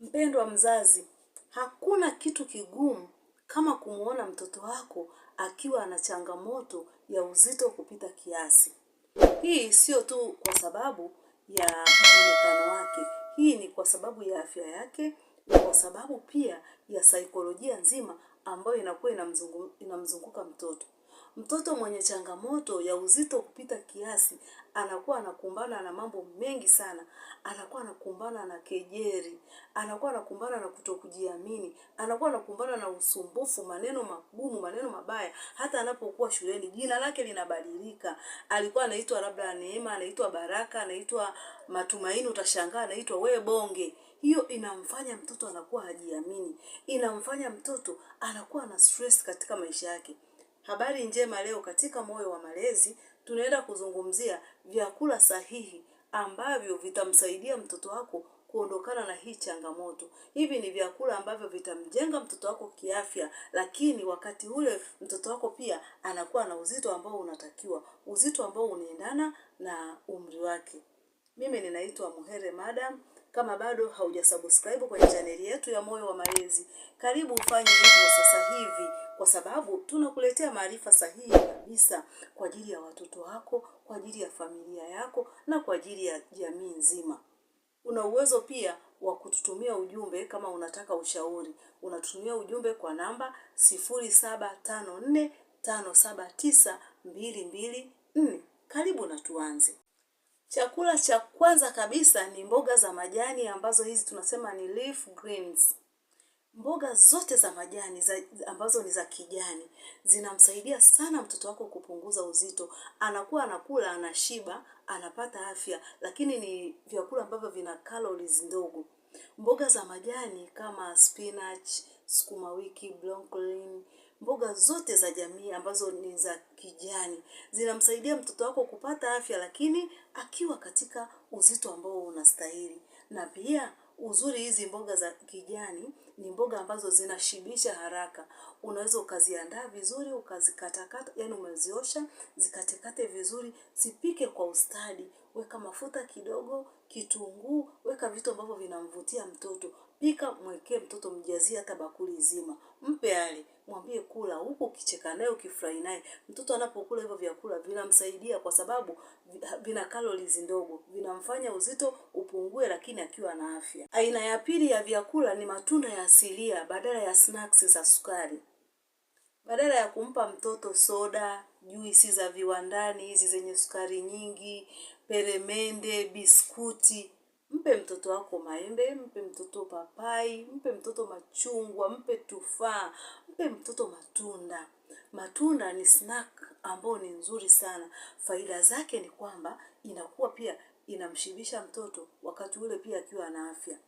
Mpendwa mzazi, hakuna kitu kigumu kama kumwona mtoto wako akiwa ana changamoto ya uzito kupita kiasi. Hii sio tu kwa sababu ya muonekano wake, hii ni kwa sababu ya afya yake na kwa sababu pia ya saikolojia nzima ambayo inakuwa inamzunguka mtoto. Mtoto mwenye changamoto ya uzito kupita kiasi anakuwa anakumbana na mambo mengi sana. Anakuwa anakumbana na kejeri, anakuwa anakumbana na kutokujiamini, anakuwa anakumbana na usumbufu, maneno magumu, maneno mabaya. Hata anapokuwa shuleni jina lake linabadilika. Alikuwa anaitwa labda Neema, anaitwa Baraka, anaitwa Matumaini, utashangaa anaitwa we Bonge. Hiyo inamfanya mtoto anakuwa hajiamini, inamfanya mtoto anakuwa na stress katika maisha yake. Habari njema leo katika Moyo wa Malezi tunaenda kuzungumzia vyakula sahihi ambavyo vitamsaidia mtoto wako kuondokana na hii changamoto. Hivi ni vyakula ambavyo vitamjenga mtoto wako kiafya, lakini wakati ule mtoto wako pia anakuwa na uzito ambao unatakiwa, uzito ambao unaendana na umri wake. Mimi ninaitwa Muhere Madam. Kama bado haujasubscribe kwenye chaneli yetu ya Moyo wa Malezi, karibu ufanye hivyo sasa hivi, kwa sababu tunakuletea maarifa sahihi kabisa kwa ajili ya watoto wako, kwa ajili ya familia yako na kwa ajili ya jamii nzima. Una uwezo pia wa kututumia ujumbe kama unataka ushauri. Unatutumia ujumbe kwa namba 0754579224. Karibu na tuanze. Chakula cha kwanza kabisa ni mboga za majani ambazo hizi tunasema ni leaf greens. Mboga zote za majani za, ambazo ni za kijani zinamsaidia sana mtoto wako kupunguza uzito. Anakuwa anakula anashiba, anapata afya, lakini ni vyakula ambavyo vina calories ndogo. Mboga za majani kama spinach, sukuma wiki, broccoli mboga zote za jamii ambazo ni za kijani zinamsaidia mtoto wako kupata afya, lakini akiwa katika uzito ambao unastahili. Na pia uzuri, hizi mboga za kijani ni mboga ambazo zinashibisha haraka. Unaweza ukaziandaa vizuri, ukazikatakata, yani umeziosha, zikatekate vizuri, zipike kwa ustadi, weka mafuta kidogo kitunguu, weka vitu ambavyo vinamvutia mtoto. Pika, mwekee mtoto, mjazie hata bakuli zima, mpe ale, mwambie kula, huku ukicheka naye, ukifurahi naye. Mtoto anapokula hivyo vyakula vinamsaidia, kwa sababu vina calories ndogo, vinamfanya uzito upungue, lakini akiwa na afya. Aina ya pili ya vyakula ni matunda ya asilia badala ya snacks za sukari. Badala ya kumpa mtoto soda, juisi za viwandani hizi zenye sukari nyingi, peremende, biskuti. Mpe mtoto wako maembe, mpe mtoto papai, mpe mtoto machungwa, mpe tufaa, mpe mtoto matunda. Matunda ni snack ambao ni nzuri sana. Faida zake ni kwamba inakuwa pia inamshibisha mtoto wakati ule pia akiwa na afya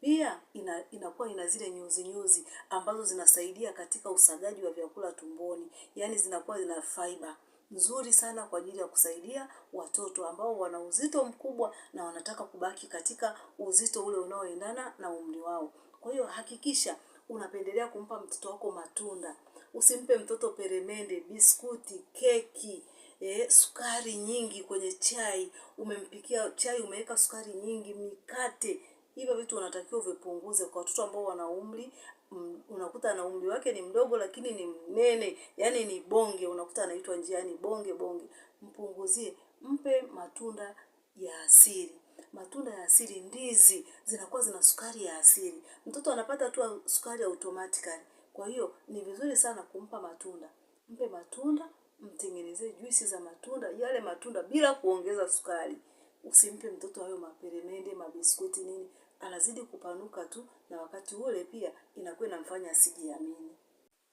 pia ina, inakuwa ina zile nyuzi nyuzi ambazo zinasaidia katika usagaji wa vyakula tumboni, yaani zinakuwa zina fiber nzuri sana kwa ajili ya kusaidia watoto ambao wana uzito mkubwa na wanataka kubaki katika uzito ule unaoendana na umri wao. Kwa hiyo hakikisha unapendelea kumpa mtoto wako matunda. Usimpe mtoto peremende, biskuti, keki, eh, sukari nyingi kwenye chai. Umempikia chai umeweka sukari nyingi, mikate Hivyo vitu unatakiwa vipunguze kwa watoto ambao wana umri mm, unakuta na umri wake ni mdogo lakini ni mnene, yani ni bonge, unakuta anaitwa njiani bonge bonge. Mpunguzie, mpe matunda ya asili. Matunda ya asili, ndizi zinakuwa zina sukari ya asili. Mtoto anapata tu sukari automatically. Kwa hiyo ni vizuri sana kumpa matunda. Mpe matunda, mtengenezee juisi za matunda, yale matunda bila kuongeza sukari. Usimpe mtoto hayo maperemende, mabiskuti, nini, anazidi kupanuka tu, na wakati ule pia inakuwa inamfanya asijiamini.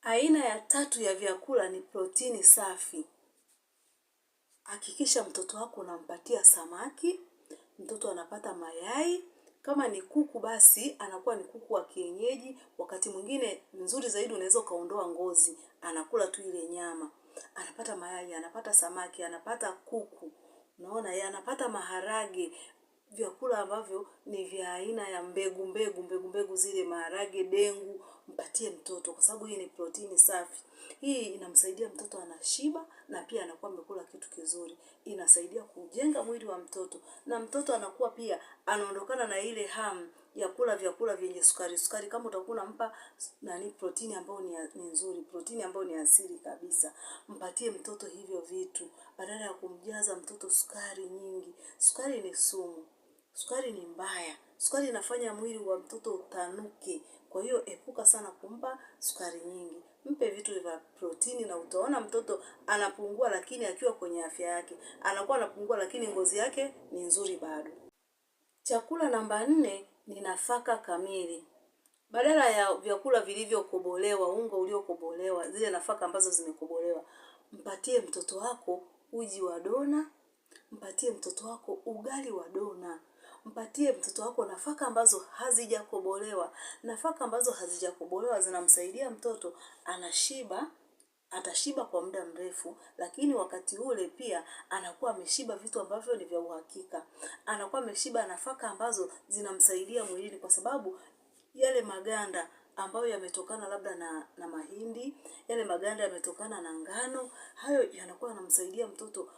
Aina ya tatu ya vyakula ni protini safi. Hakikisha mtoto wako unampatia samaki, mtoto anapata mayai kama ni kuku basi anakuwa ni kuku wa kienyeji. Wakati mwingine nzuri zaidi, unaweza ukaondoa ngozi, anakula tu ile nyama, anapata mayai, anapata samaki, anapata kuku unaona yeye anapata maharage vyakula ambavyo ni vya aina ya mbegu mbegu mbegu mbegu zile maharage dengu mpatie mtoto kwa sababu hii ni protini safi hii inamsaidia mtoto anashiba na pia anakuwa amekula kitu kizuri inasaidia kujenga mwili wa mtoto na mtoto anakuwa pia anaondokana na ile hamu ya kula vyakula vyenye sukari sukari, kama utakuwa unampa nani protini ambayo ni, ni nzuri, protini ambayo ni asili kabisa. Mpatie mtoto hivyo vitu badala ya kumjaza mtoto sukari nyingi. Sukari ni sumu, sukari ni mbaya, sukari inafanya mwili wa mtoto utanuke. Kwa hiyo epuka sana kumpa sukari nyingi, mpe vitu vya protini, na utaona mtoto anapungua, lakini akiwa kwenye afya yake anakuwa anapungua, lakini ngozi yake ni nzuri bado. Chakula namba nne ni nafaka kamili badala ya vyakula vilivyokobolewa, unga uliokobolewa, zile nafaka ambazo zimekobolewa. Mpatie mtoto wako uji wa dona, mpatie mtoto wako ugali wa dona, mpatie mtoto wako nafaka ambazo hazijakobolewa. Nafaka ambazo hazijakobolewa zinamsaidia mtoto anashiba atashiba kwa muda mrefu, lakini wakati ule pia anakuwa ameshiba vitu ambavyo ni vya uhakika, anakuwa ameshiba nafaka ambazo zinamsaidia mwilini, kwa sababu yale maganda ambayo yametokana labda na, na mahindi, yale maganda yametokana na ngano, hayo yanakuwa yanamsaidia mtoto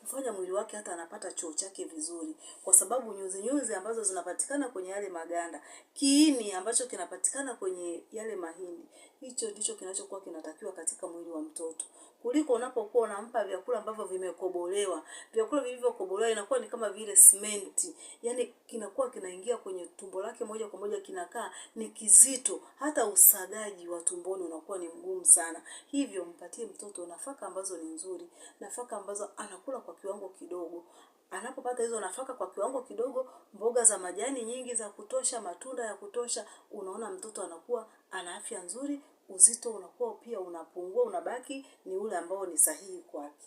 kufanya mwili wake hata anapata choo chake vizuri, kwa sababu nyuzi nyuzi ambazo zinapatikana kwenye yale maganda, kiini ambacho kinapatikana kwenye yale mahindi hicho ndicho kinachokuwa kinatakiwa katika mwili wa mtoto, kuliko unapokuwa unampa vyakula ambavyo vimekobolewa. Vyakula vilivyokobolewa inakuwa ni kama vile simenti, yani kinakuwa kinaingia kwenye tumbo lake moja kwa moja, kinakaa ni kizito, hata usagaji wa tumboni unakuwa ni mgumu sana. Hivyo mpatie mtoto nafaka ambazo ni nzuri, nafaka ambazo anakula kwa kiwango kidogo anapopata hizo nafaka kwa kiwango kidogo, mboga za majani nyingi za kutosha, matunda ya kutosha, unaona mtoto anakuwa ana afya nzuri uzito unakuwa pia unapungua, unabaki ni ule ambao ni sahihi kwake.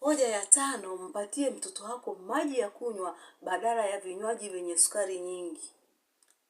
Hoja ya tano, mpatie mtoto wako maji ya kunywa badala ya vinywaji vyenye sukari nyingi.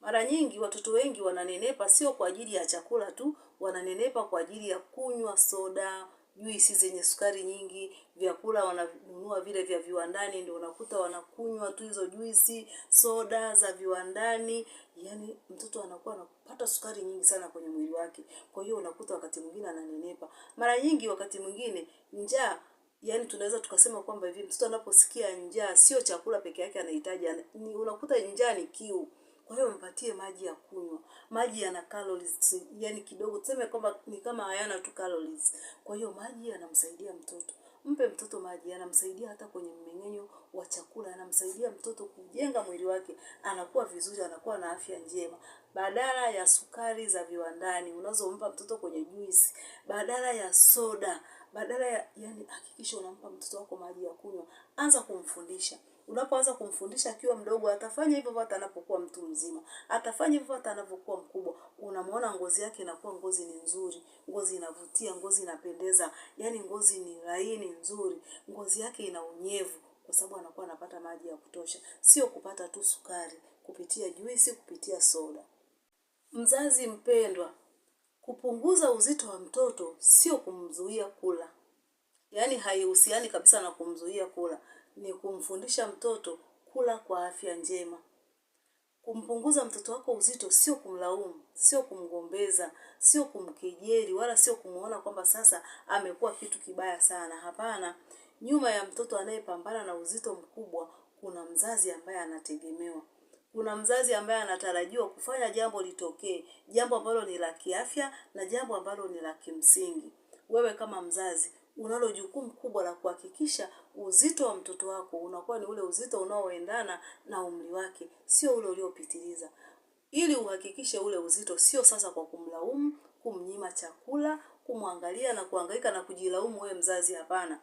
Mara nyingi watoto wengi wananenepa sio kwa ajili ya chakula tu, wananenepa kwa ajili ya kunywa soda, juisi zenye sukari nyingi, vyakula wananunua vile vya viwandani, ndio unakuta wanakunywa tu hizo juisi, soda za viwandani. Yani mtoto anakuwa anapata sukari nyingi sana kwenye mwili wake, kwa hiyo unakuta wakati mwingine ananenepa. Mara nyingi wakati mwingine njaa Yani tunaweza tukasema kwamba hivi mtoto anaposikia njaa sio chakula peke yake anahitaji, unakuta njaa ni kiu. Kwa hiyo mpatie maji ya kunywa. Maji yana calories, yani kidogo, tuseme kwamba ni kama hayana tu calories. Kwa hiyo maji yanamsaidia mtoto. Mpe mtoto maji, yanamsaidia hata kwenye mmeng'enyo wa chakula, yanamsaidia mtoto kujenga mwili wake, anakuwa vizuri, anakuwa na afya njema, badala ya sukari za viwandani unazompa mtoto kwenye juisi, badala ya soda, badala ya yani, hakikisha unampa mtoto wako maji ya kunywa, anza kumfundisha. Unapoanza kumfundisha akiwa mdogo, atafanya hivyo hata anapokuwa mtu mzima, atafanya hivyo hata anapokuwa mkubwa. Unamwona ngozi yake inakuwa, ngozi ni nzuri, ngozi inavutia, ngozi inapendeza, yani ngozi ni laini nzuri, ngozi yake ina unyevu, kwa sababu anakuwa anapata maji ya kutosha, sio kupata tu sukari kupitia juisi, kupitia soda. Mzazi mpendwa, kupunguza uzito wa mtoto sio kumzuia kula, yaani haihusiani kabisa na kumzuia kula ni kumfundisha mtoto kula kwa afya njema. Kumpunguza mtoto wako uzito sio kumlaumu, sio kumgombeza, sio kumkejeli, wala sio kumuona kwamba sasa amekuwa kitu kibaya sana. Hapana, nyuma ya mtoto anayepambana na uzito mkubwa kuna mzazi ambaye anategemewa, kuna mzazi ambaye anatarajiwa kufanya jambo litokee, jambo ambalo ni la kiafya na jambo ambalo ni la kimsingi. Wewe kama mzazi unalo jukumu kubwa la kuhakikisha uzito wa mtoto wako unakuwa ni ule uzito unaoendana na umri wake, sio ule uliopitiliza, ili uhakikishe ule uzito, sio sasa kwa kumlaumu, kumnyima chakula, kumwangalia na kuangaika na kujilaumu wewe mzazi. Hapana,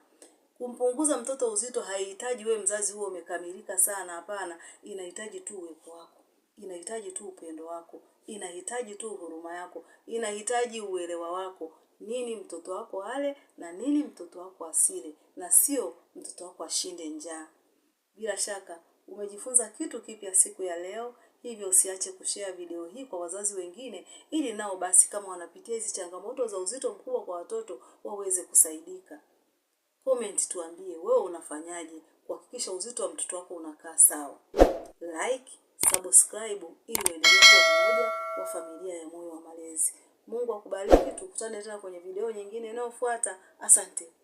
kumpunguza mtoto uzito haihitaji wewe mzazi huo umekamilika sana. Hapana, inahitaji tu uwepo wako, inahitaji tu upendo wako, inahitaji tu huruma yako, inahitaji uelewa wako, nini mtoto wako ale na nini mtoto wako asile, na sio mtoto wako ashinde njaa. Bila shaka umejifunza kitu kipya siku ya leo, hivyo usiache kushare video hii kwa wazazi wengine, ili nao basi kama wanapitia hizi changamoto za uzito mkubwa kwa watoto waweze kusaidika. Comment tuambie wewe unafanyaje kuhakikisha uzito wa mtoto wako unakaa sawa. Like, subscribe ili uendelee kuwa mmoja wa familia ya Moyo wa Malezi. Mungu akubariki, tukutane tena kwenye video nyingine inayofuata. Asante.